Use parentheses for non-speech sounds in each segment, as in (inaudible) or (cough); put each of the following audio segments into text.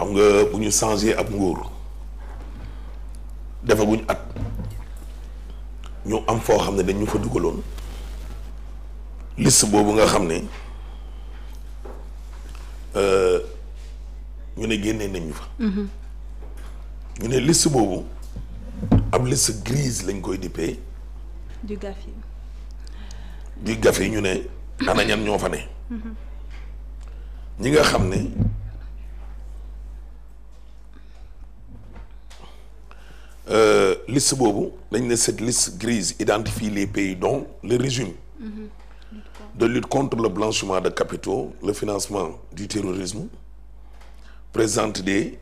xam nga bu ñu changé ab nguur defaguñ at ñu am foo xam ne dañu fa duggaloon liste boobu nga xam ne euh, ñu ne génnee nañ ñu fa. Mm-hmm. ñu ne list boobu ab liste grise lañ koy dippee. du gaf yi. du yi ñu ne ana ñoo fa ne. Mm-hmm. ñi nga xam ne. Euh, list boobu dañ ne cette liste grise identifie les pays dont le régime de lutte contre le blanchiment de capitaux le financement du terrorisme présente des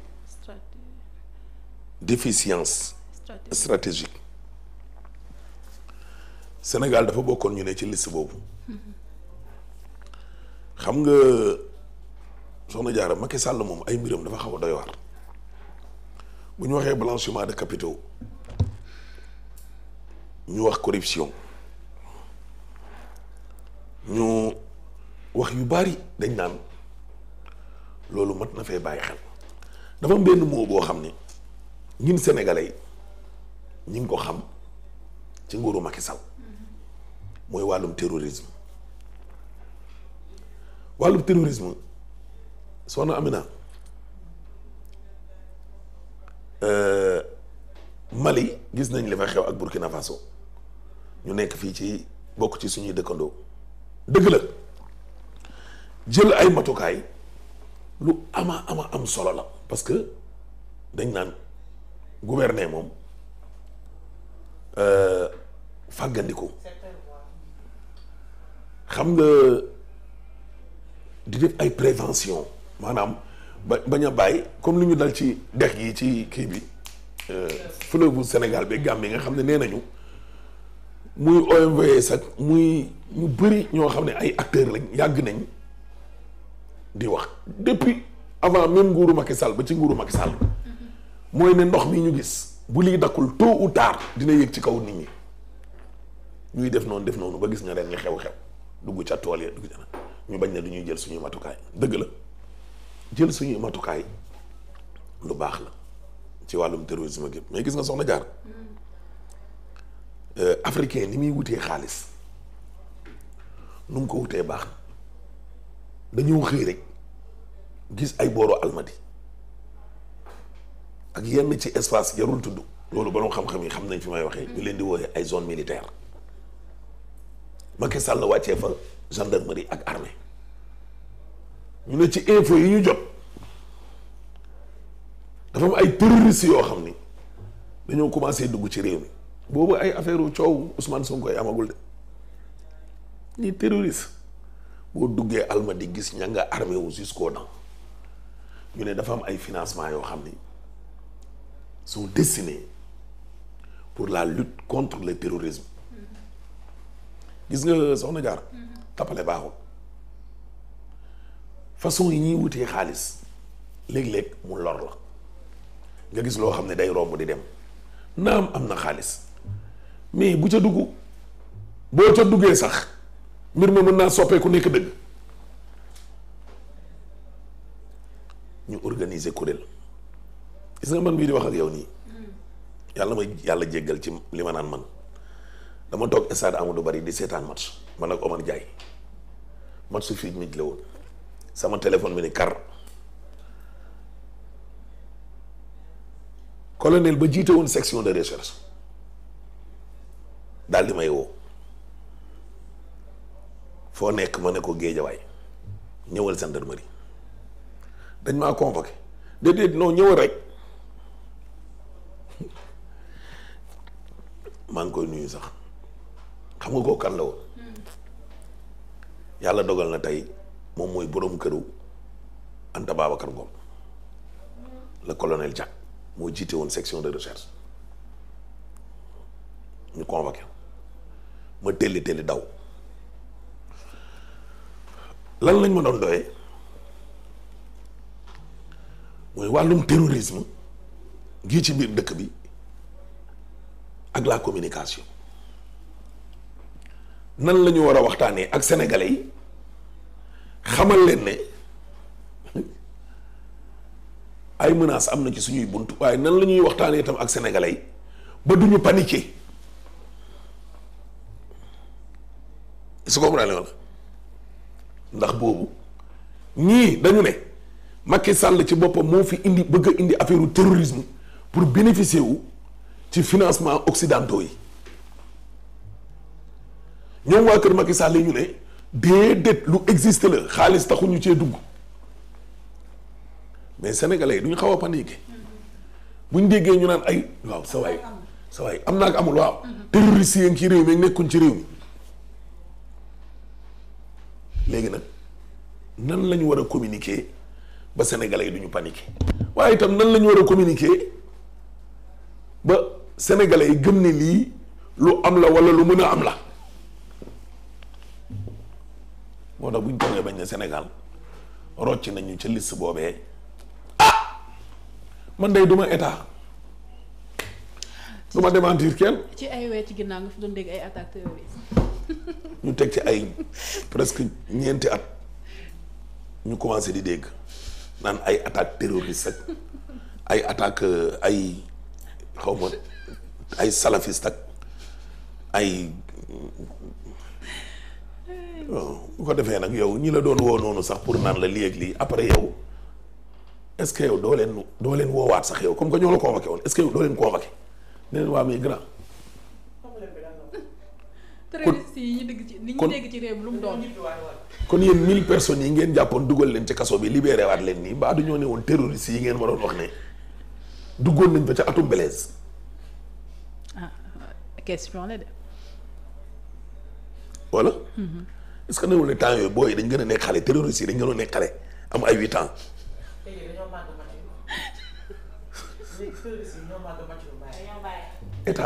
déficiences stratégiques Sénégal dafa bokkoon ñu ne ci liste boobu xam nga soxna Diarra Macky Sall moom ay mbiram dafa xaw a doy bu ñu waxee blanchiment de capitaux ñu wax corruption ñu wax yu bari dañ naan loolu mat na fee bàyyi xel dafa am benn mot boo xam ni ñun sénégalais ñi ngi ko xam ci nguuru Macky Sall mooy wàllum terrorisme wàllum terrorisme soxna Amina Euh, Mali gis nañ li fa xew ak Burkina Faso ñu nekk fii ci bokk ci suñuy dëkkandoo dëgg la jël ay matukaay lu ama ama am solo la parce que dañ naan gouverner moom euh, fàggandiku xam nga di def ay prévention maanaam ba bañ a bàyyi comme lu ñu dal ci dex yi ci kii bi euh, fleuve bu Sénégal bi Gàmbi yi nga xam ne nee nañu muy OMVS ak muy ñu bëri ñoo xam ne ay acteurs lañ yàgg nañ di wax depuis avant même nguuru Macky Sall ba ci nguuru Macky Sall mooy ne ndox mi ñu gis bu lii dakkul tôt ou tard dina yéeg ci kaw nit ñi ñuy def noonu def noonu ba gis nga ren nga xew-xew dugg ca tool ya dugg ca ñu bañ ne du ñuy jël suñu matukaay dëgg la. jël suñuy matukaay lu baax la ci wàllum terrorisme ak yëpp gis nga soxna jaar euh, africain ni muy wutee xaalis nu mu ko wutee baax dañoo xëy rek gis ay booro almadi ak yenn ci espace yarul tudd loolu borom xam-xam yi xam nañ fi may waxee ñu leen di wooyee ay zone militaire Macky Sall wàccee fa gendarmerie ak armée ñu ne ci info yi ñu jot dafa am ay terroristes yoo xam ni dañoo commencé dugg ci réew mi boobu ay affaire u coow Ousmane Sonko amagul de ñi terroriste boo duggee alma di gis ña nga armé wu jusqu'aux dents ñu ne dafa am ay financement yoo xam ni sont destinés pour la lutte contre le terrorisme mm-hmm. gis nga soxna jaar mm-hmm. tappale baaxul façon yi ñuy wutee xaalis léeg-léeg mu lor la nga gis loo xam ne day romb di dem naam am na xaalis mais bu ca dugg boo ca duggee sax mbir ma mën naa soppeeku nekk dëgg ñu organiser kuréel gis nga man bii di wax yow nii yàlla may yàlla jéggal ci li ma naan man dama toog stade du bari di seetaan match man ak Omar Diaye match su fii nit la woon sama téléphone bi ni kar colonel ba jiite woon section de recherche daal di may woo foo nekk ma ne ko géejawaay ñëwal gendarmerie dañ maa convoqué déedéet noo ñëwal rek maa ngi koy nuyu sax xam nga koo kan la woon hmm. yàlla dogal na tey moom mooy boroomu këru Anta Babacar Ngom le colonel Diack moo jiite woon section de recherche ñu convoqué ma telli telli daw lan lañ ma doon doyee mooy wàllum terrorisme gii ci biir dëkk bi ak la communication nan la ñu war a waxtaanee ak sénégalais yi xamal leen ne ay menaces am na ci suñuy bunt waaye nan la ñuy waxtaanee itam ak sénégalais yi ba du ñu paniquer su ko comprendre wala ndax boobu ñii dañu ne Macky Sall ci boppam moo fi indi bëgg a indi affaire terrorisme pour bénéficier wu ci financement occidentaux yi ñoom waa kër Macky Sall yi ñu ne. déedéet lu existe la xaalis ñu cee dugg mais sénégalais yi duñu xaw a paniqué buñ déggee ñu naan ay waaw sa waay sa waay am naak amul waaw terroriste yi ci réew mi nekkuñ ci réew mi léegi nag nan lañu war a communiquer ba sénégalais yi duñu paniqué waaye itam nan la ñu war a communiquer ba sénégalais yi gëm ni lii lu am la wala lu mën a am la moo tax bu ñu toogee bañ ne Sénégal rocc nañu ca liste boobee ah man day duma état du ma démentir kenn. ci ay ci ginnaaw nga ay attaques (laughs) ñu teg ci ay presque ñeenti at ñu commencé di dégg naan ay attaques terroristes ak ay attaques euh, ay xaw ma ay salafistes ak ay. bon ko defee nag yow ñi la doon woo noonu sax pour naan la lii ak lii après yow est-ce que yow doo leen doo leen woowaat sax yow comme que ñoo la convoqué woon est-ce que yow doo leen convoqué ne leen waa muy grand. (laughs) ci ni ñu dégg kon yéen mille personnes yi ngeen jàppoon dugal leen ci kaso bi libéré waat leen nii ba du ñoo ne woon terroristes yi ngeen ma doon wax ne duggoon nañ fa ca atum belees. ah est que néew ne temps yooyu booy dañ gën a nekk xale terroriste yi dañ gën a nekk xale am ay huit ans.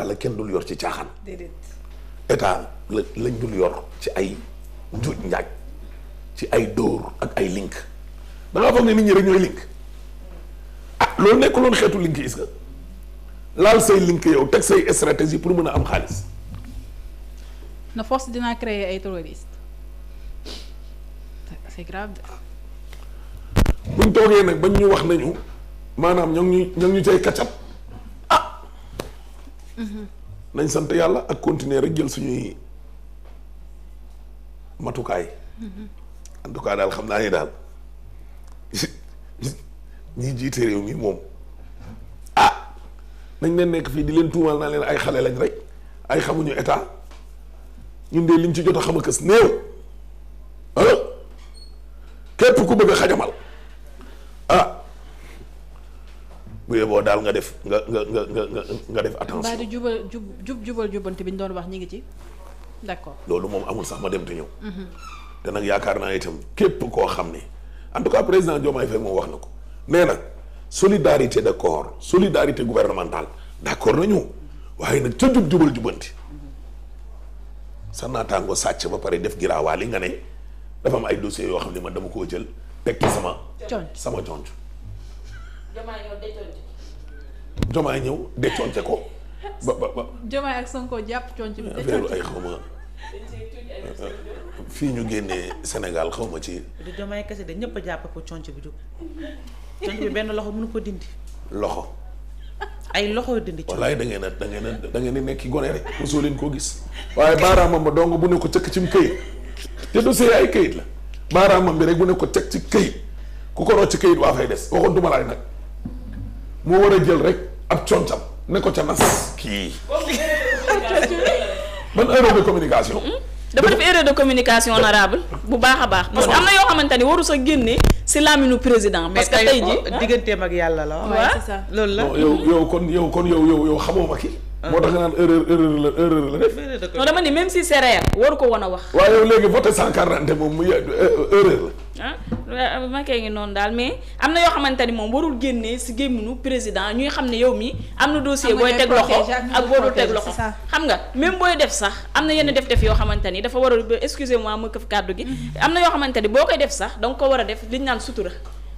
la kenn dul yor ci caaxaan. état la lañ dul yor ci ay njuuj njaaj ci ay dóor ak ay link da ngaa foog nit ñi rek ñooy link ah loolu nekkul woon xeetu link is nga laal say link yow teg say stratégie pour mën a am xaalis. na force dinaa créer ay terroristes. c'est grave de. toogee nag bañ ñu wax nañu maanaam ñoo ngi ñoo ñu cay kaccat ah. Mm-hmm. nañ sant yàlla ak continuer rek jël suñuy matukaay. Mm-hmm. en tout cas daal xam naa ni daal ñi jiite réew mi moom ah nañ leen nekk fii di leen tuumaal naa leen ay xale lañ rek ay xamuñu état ñun de liñ ci jot a xam a kës néew. bu yóbboo daal nga def nga nga nga nga nga def attention. mbaa di jubal jub jub jubal jubbanti bi ñu doon wax ñu ngi ci d'accord. loolu moom amul sax ma dem te ñëw. Mhm. te nag yaakaar naa itam képp koo xam ne en tout cas président Diomaye Faye moom wax na ko nee na solidarité de corps solidarité gouvernementale d'accord nañu waaye nag ca jub jubal jubbanti mhm. sa naataango sàcc ba pare def giraawaali nga ne dafa am ay dossiers yoo xam ne man dama koo jël teg ci sama. Diomaye ñëw déconte. Diomaye ñëw déconte ko. (laughs) ba ba ba Diomaye ak Sonko jàpp conte bi déconte ay ñu génnee Sénégal xaw ma ci. du kese de ñëpp jàpp pour conte bi jóg. conte bi benn loxo mënu ko dindi. loxo. ay loxo dindi. conte wallaay da ngeen a da ngeen da ngeen nekk gone rek mosoo leen koo gis. waaye baaraamam ba dong bu ne ko cëkk cim këyit te dossier ay këyit la baaraamam bi rek bu ne ko cëkk ci këyit ku ko rocc këyit waa fay des waxoon duma nag. moo war a jël rek ab concam ne ko ca nas kii. ban erreur de communication. Mm-hmm. dafa def erreur de communication honorable bu baax a baax. parce que am na yoo xamante ni waru sa génne si laaminu président. parce que tey jii digganteem ak yàlla la. waaw c'est loolu la. yow yow kon yow kon yow yow yow xamoo ma ki ah. moo tax nga naan erreur erreur la erreur la def. non dama ni même si c'est waru ko woon a wax. waaw yow léegi voté sans carte d'identité moom mu euh, erreur la. Ah. Macky euh, ngi noonu daal mais am na yoo xamante ni moom warul génnee si gémminu président ñuy xam ne yow mi am na dossier booy teg loxo ak boo dul teg loxo xam nga même booy def sax am na yenn mm-hmm. def def yoo xamante ni dafa war a excusez moi ma këf kàddu gi mm-hmm. am na yoo xamante ni boo koy def sax danga ko war a def liñ naan sutura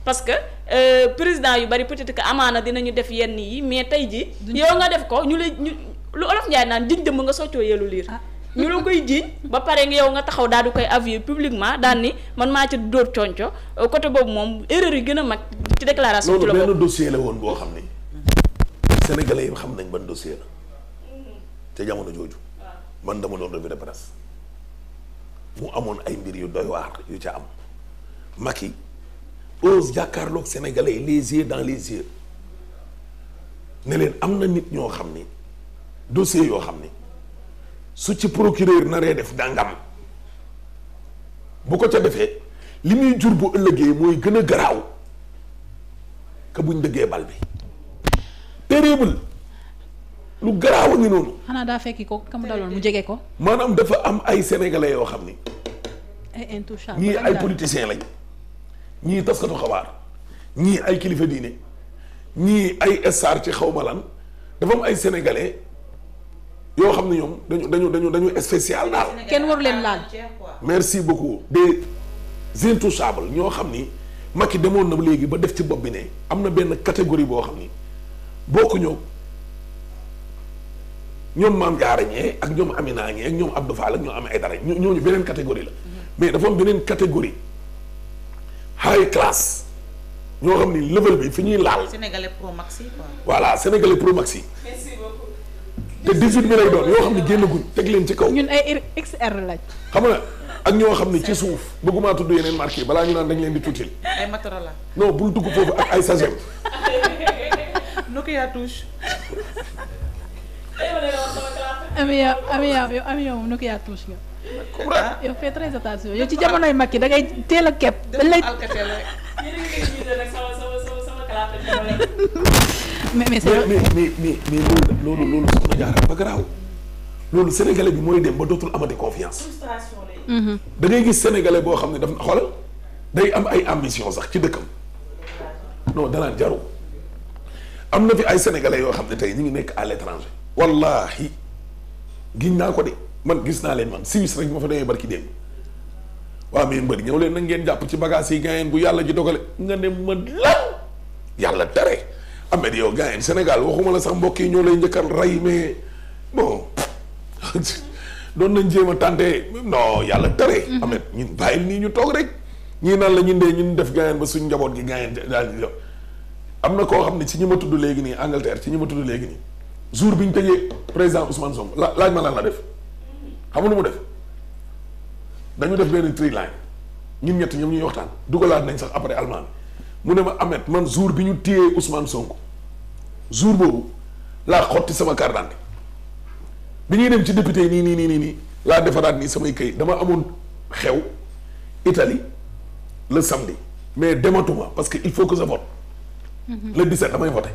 parce que euh, président yu bari peut-être que amaana dinañu def yenn yi mais tey ji yow nga def ko ñu lay ñu lu olof njaay naan diñ dëmm nga soccoo yeelu liir ah. ñu la koy jiiñ ba pare yow nga taxaw daal di koy avouer publiquement daan ni man maa ci dóor conco côté boobu moom erreur yi gën a mag ci déclaration ci la benn dossier la woon boo xam ni sénégalais yi xam nañ ban dossier la te jamono jooju man dama doon revue de presse mu amoon ay mbir yu doy waar yu ca am Macky ose jàkkaarloog sénégalais yi les yeux dans les yeux ne am na nit ñoo xam ni dossier yoo xam ni su ci procureur naree def dangam bu ko ca defee li muy jur bu ëllëgee mooy gën a garaaw ka buñ dëggee bal bi terrible lu garaaw a ngi noonu. xanaa daa fekki ko ka mu daloon mu jege ko. maanaam dafa am ay sénégalais yoo xam ni. ay intouchables ñii ay politiciens lañ. ñii taskatu xabaar ñii ay kilifa diine ñii ay star ci xaw ma lan dafa am ay sénégalais. yoo xam ne ñoom dañu dañu dañu dañu spécial daal. kenn waru leen laal. merci beaucoup des intouchables ñoo xam ni Macky demoon na léegi ba def ci bopp bi ne am na benn catégorie boo xam ni bokkuñu ñoom maam jaara ñee ak ñoom Amina ñee ak ñoom Abdou Fall ak ñoom am ay dara ñooñu beneen catégorie la. Mm-hmm. mais dafa am beneen catégorie high class ñoo xam ni level bi fi ñuy laal. Sénégalais Pro Maxi quoi. voilà Sénégalais Pro Maxi. te 18 bi lay doon yoo xam ne génnagul teg leen ci kaw. ñun ay XR lañ. xam nga ak ñoo xam ne ci suuf bëggumaa tudd yeneen marques balaa ñu naan dañ leen di tuutil. ay Motorola. non bul dugg foofu ak ay Sagem. Nokia touche. Amiya Amiya yow Amiya moom Nokia touche nga. ah yow fais très attention yow ci jamonoy mag yi da ngay teel a képp. dañ lay mais loolu loolu loolu fi jaaraan ba garaaw loolu sénégalais bi mooy dem ba dootul amati confiance. Mmh. da ngay gis sénégalais boo xam ne daf xoolal day am ay ambition sax ci dëkkam non danaan jaru am na fi ay sénégalais yoo xam ne tey ñu ngi nekk à l'étranger. wallaahi giñ naa ko de man gis naa leen man Suisse rek ma fa demee barki démb waaw mais mbëri ñëw leen na ngeen jàpp ci bagage yi gaayeen bu yàlla ji dogale nga ne ma lan yàlla tere. Ahmed yow gars yi Sénégal waxuma la sax mbokk yi ñoo lay njëkkal rey mais bon (laughs) doon nañ jéem a tànte non yàlla tere. Mhm. Ahmed ñun bàyyil nii ñu toog rek. ñii naan la ñun dee ñun def gaayen ba suñ njaboot gi gaayen daal di am na koo xam ne ci ñi léegi nii Angleterre ci ñi ma léegi nii jour bi ñu tëjee président Ousmane Sonko la laaj ma lan la def xam lu mu def dañu def benn tri line ñun ñett ñoom ñuy waxtaan dugalaat nañ sax après almaan mu ne ma amet man jour bi ñu téyee Ousmane Sonko jour boobu laa xotti sama carte bi ñuy dem ci député yi nii nii nii nii laa defaraat nii samay këy dama amoon xew Italie le samedi mais dematuma parce que il faut que je vote mhm. le 17 damay voté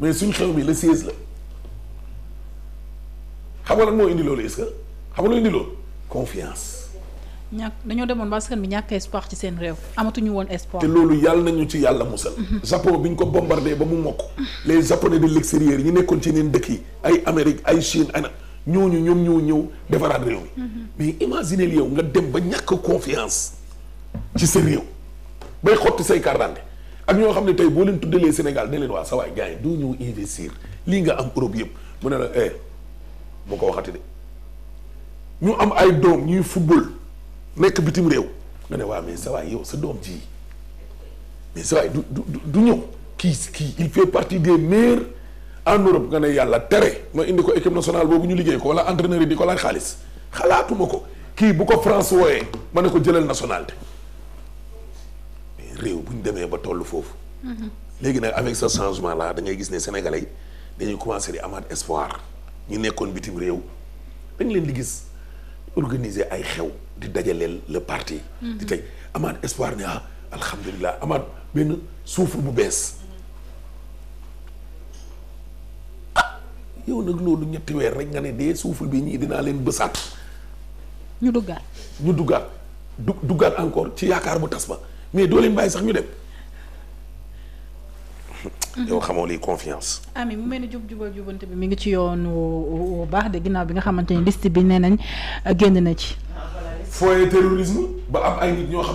mais suñ xew bi le 16 la xam nga lan moo indi loolu est que xam nga loo indi loolu confiance ñàkk dañoo demoon ba askan bi ñàkk espoir ci seen réew amatuñu woon espoir. te loolu yàlla nañu ci yàlla musal. Mm-hmm. Japon bi ñu ko bombardé ba mu mokk. les japonais de l'extérieur ñi nekkoon ci yeneen dëkk yi ay Amérique ay Chine ana ñooñu ñoom ñoo ñëw defaraat réew mi. Mm-hmm. mais imaginez yow nga dem ba ñàkk confiance ci sa réew bay xotti say carte ak ñoo xam ne tey boo leen tuddalee Sénégal ne leen waa sa waay gars yi doo ñëw investir lii nga am Europe yëpp mu ne eh, ko waxati am ay doom ñuy football. nekk bitim réew nga ne waa mais sa waay yow sa doom ji mais sa waay du du du ñëw kii kii il fait partie des meilleurs en Europe nga ne yàlla tere ma indi ko équipe nationale boobu ñu liggéey ko wala entraîneur yi di ko laaj xaalis xalaatuma ko kii bu ko France wooyee ma ne ko jëlal nationalité mais réew bu demee ba toll foofu. léegi nag avec ce changement la da gis ne sénégalais yi dañuy commencer di amaat espoir ñu nekkoon bitim réew dañ leen di gis. organiser ay xew di dajaleel le parti. Mhm. di tey amaat espoir ne ah alhamdulilah amaat benn souffle bu bees. ah yow nag loolu ñetti weer rek nga ne dee souffle bi ñii dinaa leen bësaat. ñu duggaat. ñu duggaat du duggaat encore ci yaakaar bu tas ba mais doo leen bàyyi sax ñu dem. Mm-hmm. yow xamoo lii confiance. ami mu mel ni jub jubal jubante bi mu ngi ci yoonu baax de ginnaaw bi nga xamante ni liste bi nee nañ génn na ci. foyer terrorisme ba am ay nit ñoo xam.